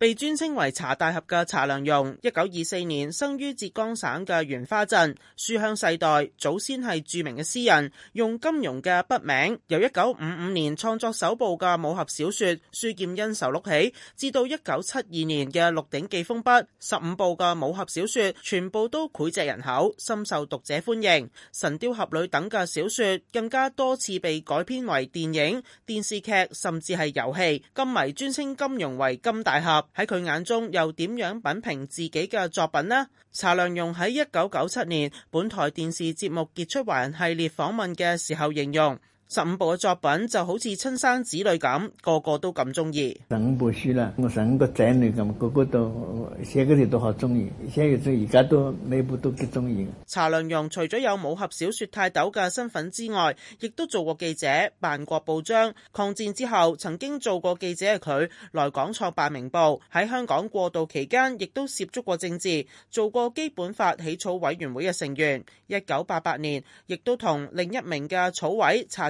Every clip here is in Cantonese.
被尊稱為查大俠嘅查良鏞，一九二四年生於浙江省嘅袁花鎮，書香世代，祖先係著名嘅詩人。用金庸嘅筆名，由一九五五年創作首部嘅武俠小說《書劍恩仇錄》起，至到一九七二年嘅《鹿鼎記》封筆，十五部嘅武俠小說全部都膾炙人口，深受讀者歡迎。《神雕俠侶》等嘅小說更加多次被改編為電影、電視劇，甚至係遊戲。金迷尊稱金庸為金大俠。喺佢眼中又點樣品評自己嘅作品呢？查良鏞喺一九九七年本台電視節目傑出華人系列訪問嘅時候形容。十五部嘅作品就好似親生子女咁，個個都咁中意。十五本書啦，我十五個仔女咁，個個都寫嗰啲都好中意，而且而家都，都每部都幾中意。查良鏞除咗有武俠小說泰斗嘅身份之外，亦都做過記者、辦過報章。抗戰之後，曾經做過記者嘅佢，來港創辦《明報》，喺香港過渡期間，亦都涉足過政治，做過基本法起草委員會嘅成員。一九八八年，亦都同另一名嘅草委查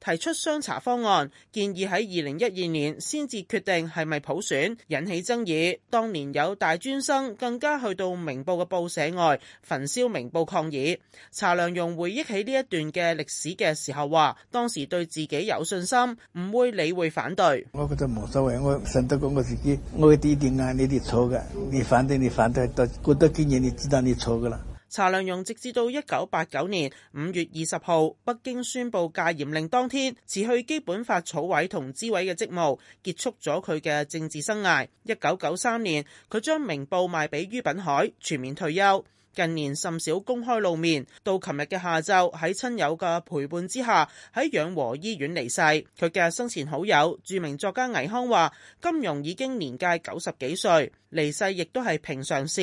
提出雙查方案，建議喺二零一二年先至決定係咪普選，引起爭議。當年有大專生更加去到明報嘅報社外焚燒明報抗議。查良鏞回憶起呢一段嘅歷史嘅時候話，當時對自己有信心，唔會理會反對。我覺得冇所謂，我信得過我自己，我點點嗌，你哋錯嘅，你反對你反對，過多幾年你知道你錯噶啦。查良鏞直至到一九八九年五月二十號，北京宣布戒嚴令當天，辭去基本法草委同諮委嘅職務，結束咗佢嘅政治生涯。一九九三年，佢將明報賣俾于品海，全面退休。近年甚少公開露面，到琴日嘅下晝喺親友嘅陪伴之下喺養和醫院離世。佢嘅生前好友、著名作家倪匡話：金庸已經年屆九十幾歲，離世亦都係平常事。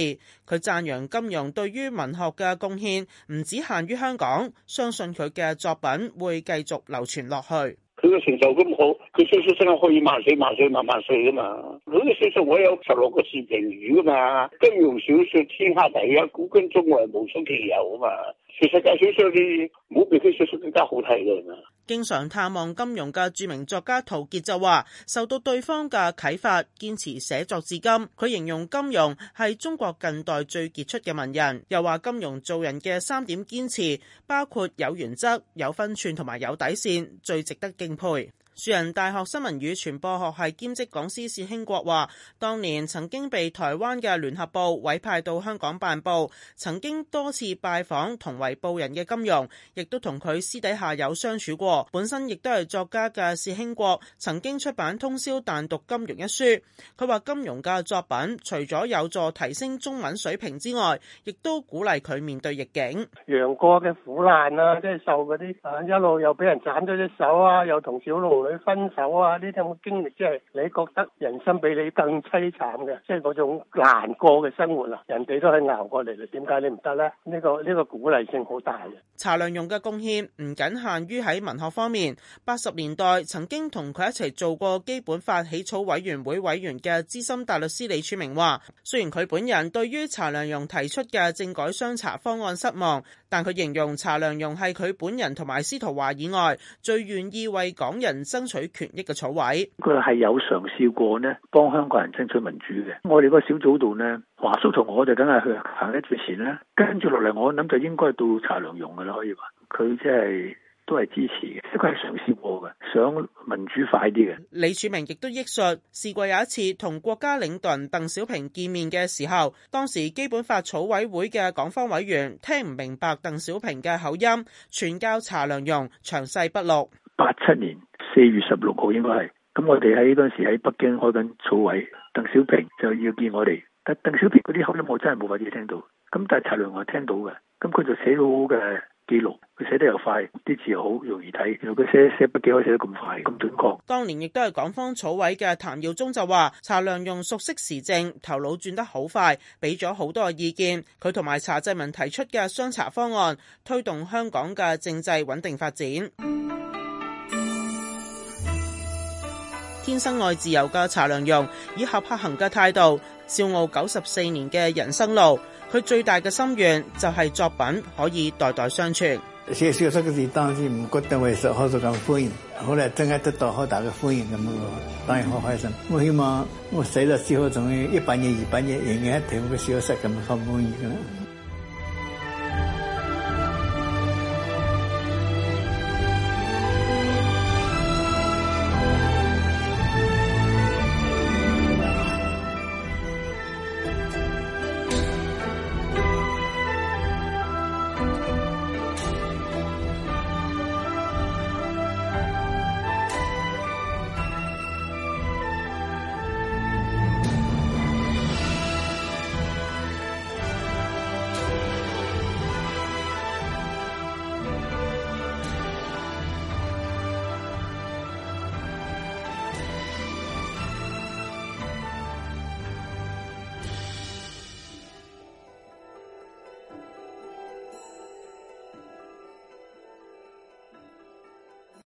佢讚揚金庸對於文學嘅貢獻唔止限於香港，相信佢嘅作品會繼續流傳落去。佢嘅成就咁好，佢小說真係可以萬歲萬歲萬萬歲噶嘛！佢嘅小說我有十六個字評語噶嘛，金庸小說天下第一，古今中外無出其右嘛，全世界小說你冇比佢小說更加好睇啦嘛！經常探望金庸嘅著名作家陶傑就話，受到對方嘅啟發，堅持寫作至今。佢形容金庸係中國近代最傑出嘅文人，又話金庸做人嘅三點堅持，包括有原則、有分寸同埋有底線，最值得敬佩。樹人大學新聞與傳播學系兼職講師薛興國話，當年曾經被台灣嘅聯合報委派到香港辦報，曾經多次拜訪同為報人嘅金庸，亦都同佢私底下有相處過。本身亦都係作家嘅薛興國，曾經出版《通宵達旦讀金庸》一書。佢話金庸嘅作品除咗有助提升中文水平之外，亦都鼓勵佢面對逆境。楊過嘅苦難啦，即係受嗰啲啊一路又俾人斬咗隻手啊，又同小路。同你分手啊！呢啲咁嘅經歷，即係你覺得人生比你更淒慘嘅，即係嗰種難過嘅生活啊，人哋都係熬過嚟啦，點解你唔得咧？呢個呢個鼓勵性好大嘅。查良鏞嘅貢獻唔僅限於喺文學方面，八十年代曾經同佢一齊做過基本法起草委員會委員嘅資深大律師李柱銘話，雖然佢本人對於查良鏞提出嘅政改雙查方案失望，但佢形容查良鏞係佢本人同埋司徒華以外最願意為港人爭取權益嘅草委，佢係有嘗試過咧，幫香港人爭取民主嘅。我哋個小組度呢，華叔同我哋梗係去行一段前呢，跟住落嚟，我諗就應該到查良鏞噶啦，可以話佢即係都係支持嘅。即係嘗試過嘅，想民主快啲嘅。李柱銘亦都憶述，試過有一次同國家領導人鄧小平見面嘅時候，當時基本法草委會嘅港方委員聽唔明白鄧小平嘅口音，傳教查良鏞詳細筆錄。八七年。四月十六號應該係，咁我哋喺嗰陣時喺北京開緊草委，鄧小平就要見我哋，但鄧小平嗰啲口音我真係冇法子聽到，咁但係查良我聽到嘅，咁佢就寫好好嘅記錄，佢寫得又快，啲字又好容易睇，原來佢寫寫筆記可以寫得咁快咁準確。當年亦都係港方草委嘅譚耀宗就話，查良鏞熟悉時政，頭腦轉得好快，俾咗好多嘅意見，佢同埋查濟民提出嘅雙查方案，推動香港嘅政制穩定發展。天生愛自由嘅查良鏞，以合拍行嘅態度，笑傲九十四年嘅人生路。佢最大嘅心願就係作品可以代代相傳。寫小說嘅事當時唔覺得為實受到咁歡迎，後來真係得到好大嘅歡迎咁啊，嗯、當然好開心。我希望我死咗之後，從一百年、二百年，仍然睇我嘅小說咁好滿意噶。